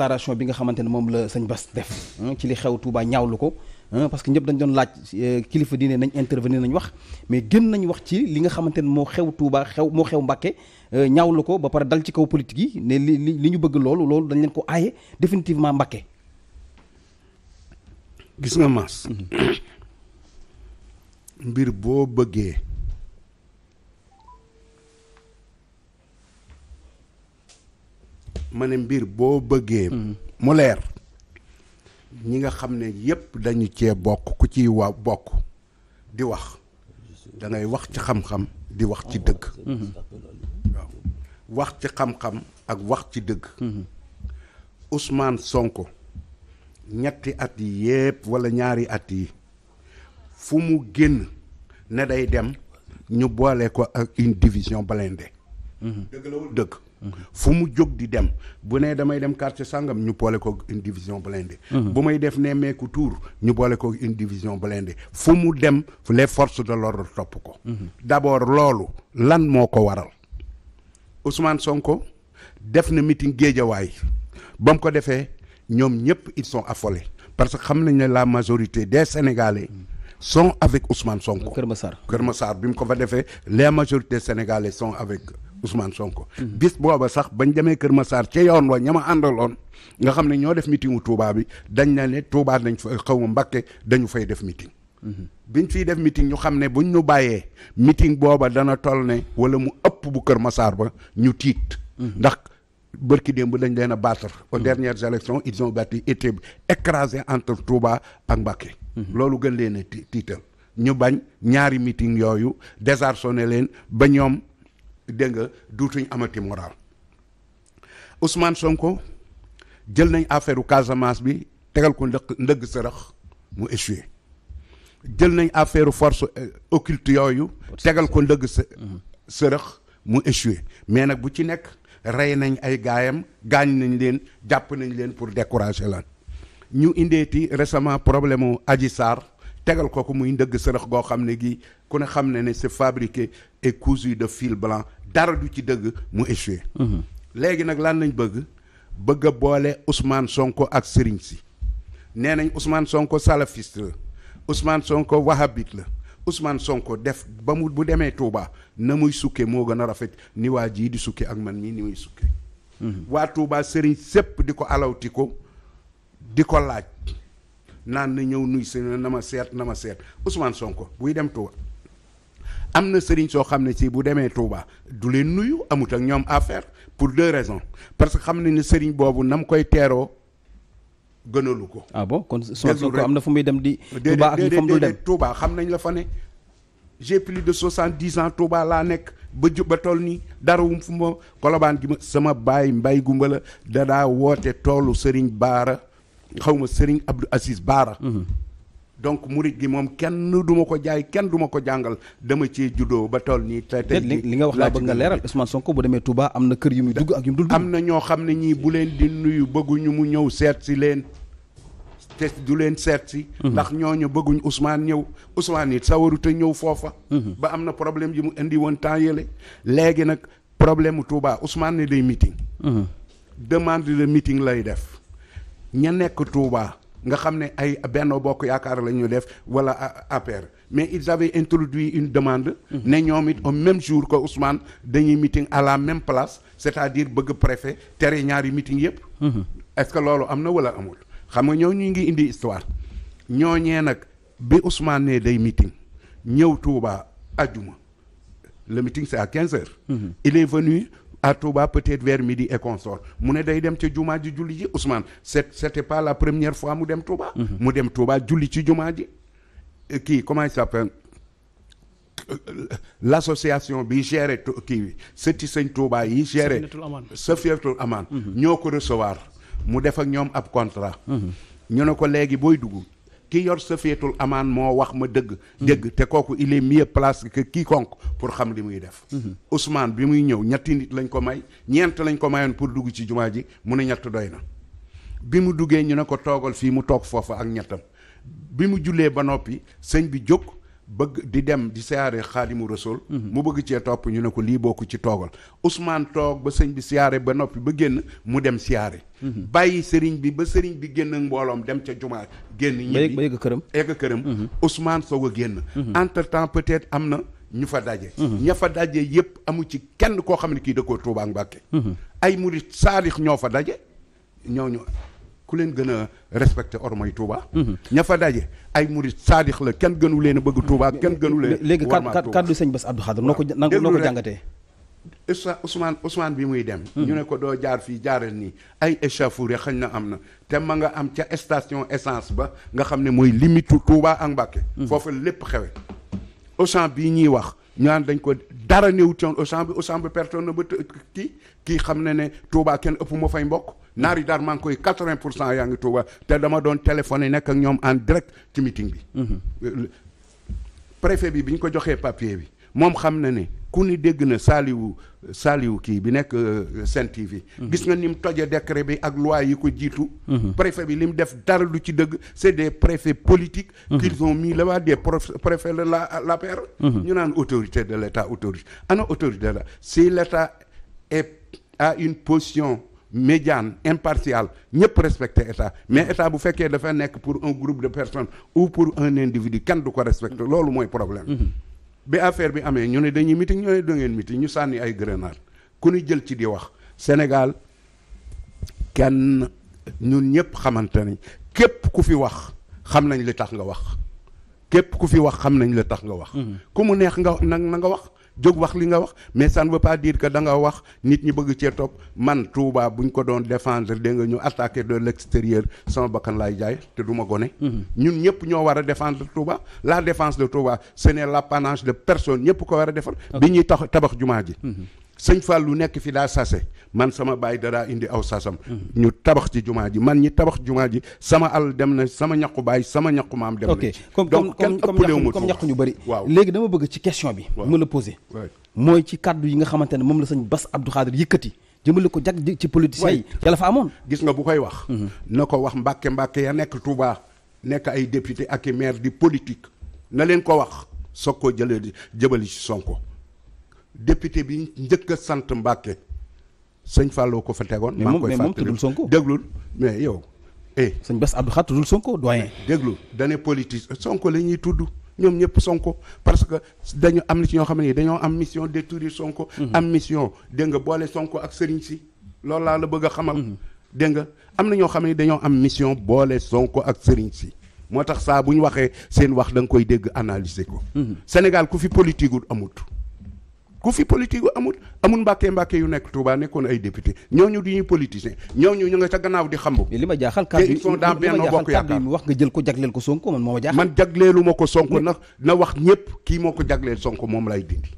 déclaration bi nga xamante ne moom la sëñ Bass def ci li xew Touba ñaawlu ko parce que ñëpp dañ doon laaj euh, kilifa diine nañ intervenir nañ wax mais gën nañu wax ci li nga xamante ne moo xew Touba xew moo xew Mbàkke euh, lu ko ba pare dal ci kaw politique yi ne li li ñu bëgg loolu loolu dañ leen ko aaye définitivement Mbàkke gis nga maas mhm. mbir boo bëggee ma ne mbir boo bëggee. Mm. mu leer ñi nga xam ne yépp dañu cee bokk ku ciy waa bokk di wax dangay wax ci xam-xam di wax ci dëgg. Mm-hmm. waaw wax ci xam-xam ak wax ci dëgg. Mm-hmm. Ousmane Sonko ñetti at yi yépp walla ñaari at yi fu mu génn ne day dem ñu boole ko ak une division blindée. Mm-hmm. dëgg la wul dëgg. fu mu jóg di dem bu ne damay dem quartier sangam ñu boole koog indivision division blindée. Mhm. bu may def nemmeeku tour ñu boole koog une division blindée fu mu dem les forces de l'ordre topp ko. Mhm. d'abord loolu lan moo ko waral Ousmane Sonko def na meeting géejawaay ba mu ko defee ñoom ñëpp ils sont affolés parce que xam nañ ne la majorité des Sénégalais. Mhm. sont avec Ousmane Sonko. Kër Massar Kër Massar bi mu ko fa defee les majorités sénégalais son avec. Ousmane Sonko. bis booba sax bañ demee Kër masaar ca yoon wa ñama àndaloon nga xam ne ñoo def meeting wu bi dañ na ne Touba dañ fa xaw ma Mbàkke dañu fay def meeting. biñ fiy def meeting ñu xam ne bu ñu bàyyee meeting booba dana toll ne wala mu ëpp bu Kër Massar ba ñu tiit. ndax bërki démb dañ leen a battre aux dernières élections ils ont battu été écrasé entre Touba ak Mbàkke. loolu gën leen tiital ñu bañ ñaari meeting yooyu désarçonné leen ba ñoom. dégg nga duutuñ amati moral Ousmane Sonko jël nañ affaire Casamance bi tegal ko ndëgg ndëgg sërëx mu échoué jël nañ affaire force euh, occulte yooyu tegal ko ndëgg sërëx mu échoué mais nag bu ci nekk rey nañ ay gaayam gaañ nañ leen jàpp nañ leen pour décourager lan ñu indeeti récemment problème mu Adji Sarr tegal ko ko muy ndëgg sërëx goo xam ne gi ku ne xam ne ne c'est fabriqué et cousu de fil blanc dara du ci dëgg mu échoué. léegi nag lan lañ bëgg bëgg a boole Ousmane Sonko ak sëriñ si nee nañ Ousmane Sonko salafiste la Ousmane Sonko wahhabite la usmaan Sonko def ba mu bu demee tuubaa na muy sukke moo gën a rafet ni waa jii di sukke ak man mii ni muy sukke waa tuubaa sëriñ sépp di ko alawti ko di ko laaj naan na ñëw nuy si na ma seet na ma seet Ousmane Sonko buy dem Touba am na sëriñ soo xam ne si bu demee Touba du leen nuyu amut ak ñoom affaire pour deux raisons parce que xam ne ni sëriñ boobu nam koy teeroo gënalu ko. ah bon kon Sonko am na fu muy dem di. Touba ak ñu fa mu xam nañ la fa ne. j'ai plus de soixante dix ans Touba laa nekk ba ju ba toll nii dara wum fu ma kolobaan gi ma sama baay mbay gumba la dadaa woote toolu sëriñ Baara xaw ma sëriñ Abdou Aziz Baara. Mm-hmm. donc murit gi moom kenn duma ko jaay kenn duma ko jàngal dama ci juddoo ba tool nii te tey li nga wax laa bëgg nga leeral Ousmane Sonko bu demee Touba am na kër yu muy dugg ak yu mu dul am na ñoo xam ne ñii bu leen di nuyu bëgguñu mu ñëw seet si leen te du leen seet si mhm. ndax ñooñu bëgguñ Ousmane ñëw yi sawaru sawarute ñëw foofa mhm. ba am na problème yi mu indi woon temps yële léegi nag problème mu Touba Ousmane ne day meeting mhm. demande de meeting lay def ña nekk Touba nga xam ne ay benn Bokk Yaakaar la ñu def wala APR mais ils avaient introduit une demande ne ñoom it au même jour que Ousmane dañuy meeting à la même place c'est-à-dire bëgg préfet tere ñaari meeting yëpp est que loolu am na wala amul xam nga ñëw ñu ngi indi histoire ñooñee nag bi Ousmane ne day meeting ñëw Touba ajuma le meeting c'est à quinze heures mm-hmm. il est à Touba peut-être vers midi et consort mu ne day dem ca jumaa ji julli ji Ousmane c'est c'était pas la première fois mu dem Touba. Mm-hmm. mu dem Touba julli ci jumaa ji euh, kii comment il s'appelle euh, l'association bi géré kii bi sëti sëñ Touba yi géré Safiatul Aman mm-hmm. ñoo ko recevoir mu def ak ñoom ab contrat mm-hmm. ñu ne ko léegi booy dugg ki yor sa féetul amaan moo wax ma dëgg dëgg te kooku il est mieux placé que quiconque pour xam li muy def mhm. Ousmane bi muy ñëw ñetti nit lañ ko may ñeent lañ ko mayoon pour dugg ci jumaa ji mu a ñett doy na bi mu duggee ñu ne ko toogal fii mu toog foofa ak ñettam bi mu jullee ba noppi sëñ bi jóg bëgg di dem di siyaare xaadimu rasul mhm. mu bëgg cee topp ñu ne ko lii bokku ci toogal Ousmane toog ba sëñ bi siyaare ba noppi ba génn mu dem siyaare mhm. bàyyi sëriñ bi ba sëriñ bi génn mbooloom dem ca jumaa génn ñibbi ba yëg këram yëg këram mhm. Ousmane soog a génn entre temps peut-être am na ñu fa daje ña fa daje yépp amu ci kenn koo xam ne kii da koo Tuubaa ak Mbàkke ay murit saalix ñoo fa daje ñooñu ku leen gën a respecté ormay Touba. Mhm. ña fa daje ay murit saadix la kenn gënu leen a bëgg Touba kenn gënu leen. léegi kàddu kàddu sëñ Bass Abdou Khadre noo ko noo ko jàngatee. Ousmane Ousmane bi muy dem. Mhm. ñu ne ko doo jaar fii jaaral nii ay échauffourées xañ na am na te ma nga am ca station essence ba nga xam ne mooy limite Touba ak Mbacké. Mhm. foofu lépp xewe Auchan bii ñuy wax ñaan dañ ko dara néew ci woon Auchan bi Auchan bi pertoon na ba kii kii xam ne ne Touba kenn ëpp ma fay mbokk. naar yi daal maa ngi koy quatre-vingt pour cent yaa ngi Touba te dama doon téléphoné nekk ak ñoom en direct ci meeting bi. Mhm. préfet bi bi ñu ko joxee papier bi moom xam na ne ku ni dégg na Saliou Saliou kii bi nekk euh, Sen TV. Mhm. gis nga ni mu tojee décret bi ak loi yi ko jiitu. Mhm. préfet bi li mu def dara lu ci dëgg c'est des préfets politique qu'ils ont mis là-bas des préfets la la paire. ñu naan autorité de l'État autorité ana autorité la si l'État et a une position. médiane impartiale ñëpp respecter état mais mm-hmm. état bu fekkee dafay nekk pour un groupe de personnes ou pour un individu kenn du ko respecter loolu mooy problème mm-hmm. bi affaire bi amee ñu ne dañuy miti ñooy da ngeen meeting ñu sànni ay grenade ku ñu jël ci di wax Sénégal kenn ñun ñëpp xamante ni képp ku fi wax xam nañ li tax nga wax képp ku fi wax xam nañ li tax nga wax mm-hmm. ku mu neex nga nag na nga wax jóg wax li nga wax mais ça ne veut pas dire que da nga wax nit ñi bëgg cee topp man Touba buñ ko doon défendre dégg nga ñu attaquer de l'extérieur sama bakkan laay jaay te duma ma gone. Mm-hmm. ñun ñëpp ñoo war a défendre Touba la défense de Touba ce n'est l'apanage de personne ñëpp ko war a défendre. bi ñuy tax tabax jumaa ji. Mm-hmm. sëñ lu nekk fi daa sase man sama baay daraa indi aw sasam ñu tabax ci jumaa ji man ñi tabax jumaa ji sama al dem na sama ñaqu baay sama ñaqu maam dem na ok donc kenn ëppalewuma comme ñaqu ñu bëri waaw léegi dama bëgg ci question bi ma la posé mooy ci kàddu yi nga xamante ne moom la sëñ Bass Abdou Khadre yëkkati jëmale ko jag ci politiciens yi yàlla fa amoon gis nga bu koy wax mhm. na ko wax mbàkke mbàkke ya nekk Touba nekk ay député ak i maire di politique na leen ko wax soog koo jëlee jëbali ci Sonko député bi njëkk sant Mbàkke sëñ Fallou ko fa tegoon. maa ngi koy fàttali déglul mais yow. eh sëñ Bass Abdou Sonko doyen. déglul dane politique Sonko la ñuy tudd ñoom ñëpp Sonko parce que dañu am na ci ñoo xam ne dañoo am mission détruire Sonko. Mhm. am mission dégg nga boole Sonko ak sëriñ si loolu laa la bëgg a xamal. Mhm. dégg nga am na ñoo xam ne dañoo am mission boole Sonko ak sëriñ si. moo tax saa bu ñu waxee seen wax da nga koy dégg analyser ko. Mhm. Sénégal ku fi politique amut. ku fi politique amul amul mbàkkee mbàkkee yu nekk Touba nekkoon ay député ñooñu du ñuy politicien ñooñu ñu nga ca gannaaw di xam xambu. li ma jaaxal kàddu yi dans Benno Bokk Yaakaar wax nga ko jagleel ko Sonko man moo ma jaaxal. ma ko Sonko na na wax ñëpp kii moo ko jagleel Sonko moom lay dindi.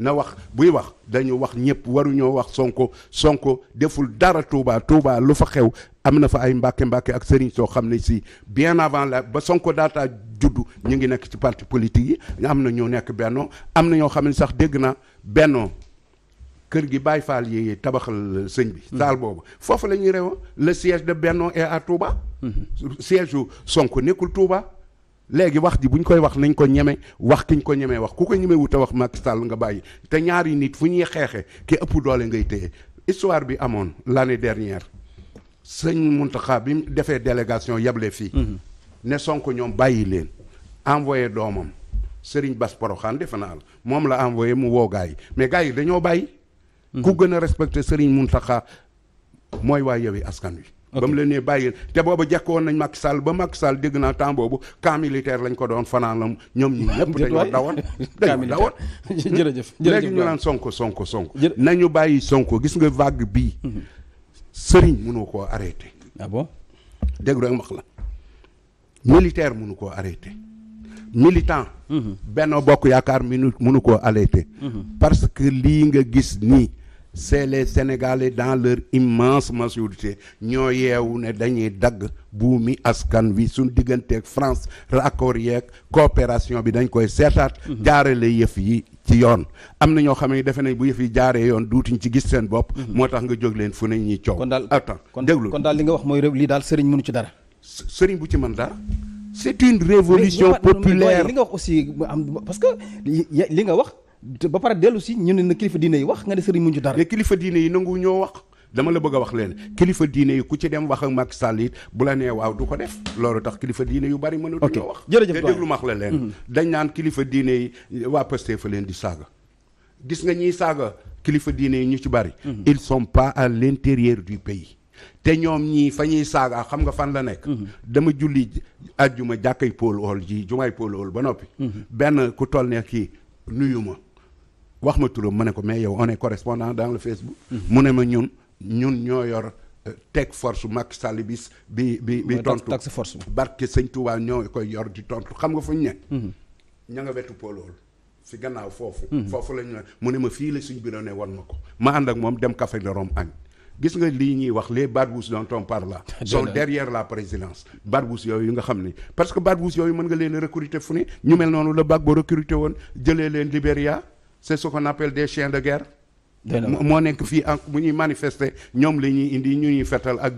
na wax buy wax dañu wax ñëpp waruñoo wax Sonko Sonko deful dara Touba Touba lu fa xew am na fa ay mbàkke mbàkke ak sëriñ soo xam ne si bien avant la ba Sonko daata juddu ñu ngi nekk ci parti politique yi am na ñoo nekk bennoo am na ñoo xam ne sax dégg na bennoo kër gi Baye Fall yi tabaxal sëñ bi. daal hmm. boobu foofu lañuy rew réew le siège de Benno est à Touba. Hmm. Sonko nekkul Touba. léegi wax ji bu ñu koy wax nañ ko ñeme wax ki ko ñemee wax ku ko ñemee wute wax Macky nga bàyyi te ñaari nit fu ñuy xeexee ki ëpp doole ngay téye histoire bi amoon l'année dernière sëñ Mountakha bi mu defee délégation yable fii. Mhm. ne Sonko ñoom bàyyi leen envoyé doomam Serigne Bass Porokhane defe naa la moom la envoyé mu woo gars yi mais gars yi dañoo bàyyi. Mhm. ku gën a respecté Serigne Mountakha mooy waa Yewwi Askan Wi. ba mu leen nee bàyyil te booba jekkoon nañ Macky Sall ba Macky Sall dégg naa temps boobu camp militaire lañ ko doon fanaanam ñoom ñi ñëpp dañoo dawoon dañoo dawoon jërëjëf léegi ñu naan sonko sonko sonko nañu bàyyi sonko gis nga vague bii mhm. mënu koo arrêté ah bon la militaire munu koo arrêté militant mhm. benno bokk yaakaar minu mënu koo arrêté mhm. parce que lii nga gis nii c'est les Sénégalais dans leur immense majorité ñoo yeewu ne dañuy dagg buumi askan wi suñ digganteek France raccord yeeg coopération bi dañ koy seetaat jaarale yëf yi ci yoon am na ñoo xam ne defe nañ bu yëf yi jaaree yoon duutiñ ci gis seen bopp moo tax nga jóg leen fu ne ñuy coow kon daal attends déglu kon daal li nga wax mooy réew lii daal sëriñ mënu ci dara sëriñ bu ci mën dara c'est une révolution populaire li nga wax aussi parce que li nga wax ba pare dellu si ñu ne na kilifa diine yi wax nga ne sëriñ muñu dara. mais kilifa diine yi nangu ñoo wax dama la bëgg a wax leen kilifa diine yi ku ci dem wax ak Macky Sall it bu la nee waaw du ko def loolu tax kilifa diine yu bari mënatuñoo okay. wax jërëjëf te déglu ma wax la leen mm-hmm. dañ naan kilifa diine yi waa Pastef fa leen di saaga gis nga ñiy saaga kilifa diine yi ñu ci bari mm-hmm. ils sont pas à l'intérieur du pays te ñoom ñii fa ñuy saaga xam nga fan la nekk mm-hmm. dama julli ajjuma jàkkay Paul Hall ji jumaay Paul Hall ba noppi benn ku kii nuyu wax ma turam ma ne ko mais yow on est correspondant dans le Facebook. mu ne ma ñun ñun ñoo yor euh, teg force Macky Sall bis bi bi bi tontu tax force barke sëñ Touba ñoo koy yor di tontu xam nga fu ñu ne. Mhm. ña nga wetu poolool si gannaaw foofu. Mhm. foofu la ñu ne mu ne ma fii la suñ bureau ne wan ma ko ma ànd ak moom dem café de Rome añ. gis nga lii ñuy wax les barbouzes dont on parle là sont derrière la présidence barbouzes yu nga xam ni parce que barbouzes yooyu mën nga leen recruter fu ñu mel noonu la Gbagbo recruter woon jëlee leen Libéria. c'est ce qu'on appelle des chiens de guerre moo nekk fii ak bu ñuy manifester ñoom la ñuy indi ñu ñuy fetal ak